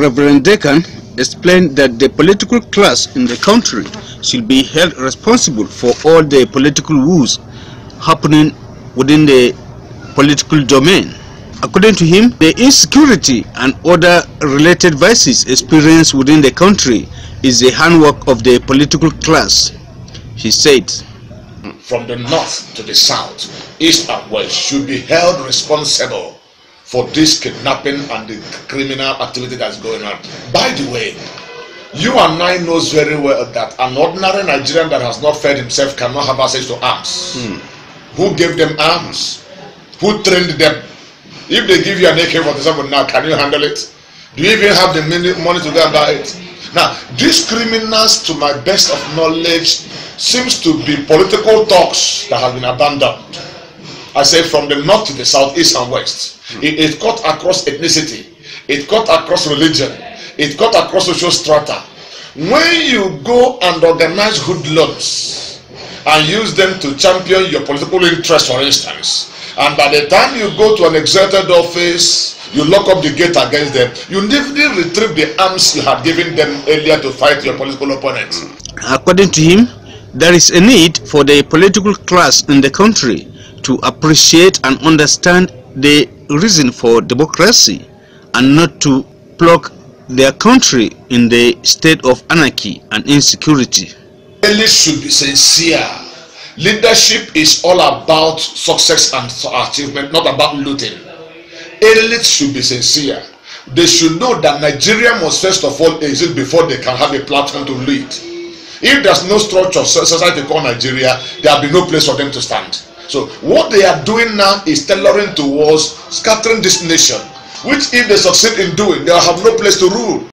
Reverend Deacon explained that the political class in the country should be held responsible for all the political woes happening within the political domain. According to him, the insecurity and other related vices experienced within the country is the handwork of the political class, he said. From the north to the south, east and west should be held responsible for this kidnapping and the criminal activity that's going on. By the way, you and I knows very well that an ordinary Nigerian that has not fed himself cannot have access to arms. Hmm. Who gave them arms? Who trained them? If they give you an AK-47 now, can you handle it? Do you even have the money to go and buy it? Now, these criminals, to my best of knowledge, seems to be political talks that have been abandoned. I said from the north to the south, east and west. Hmm. It, it cut across ethnicity. It cut across religion. It cut across social strata. When you go and organize hoodlums and use them to champion your political interest, for instance, and by the time you go to an exalted office, you lock up the gate against them. You never retrieve the arms you had given them earlier to fight your political opponent. Hmm. According to him, There is a need for the political class in the country to appreciate and understand the reason for democracy and not to plug their country in the state of anarchy and insecurity. Leaders should be sincere. Leadership is all about success and achievement, not about looting. Elites should be sincere. They should know that Nigeria must first of all exist before they can have a platform to lead. If there's no structure, society called Nigeria, there'll be no place for them to stand. So what they are doing now is tailoring towards scattering this nation, which if they succeed in doing, they'll have no place to rule.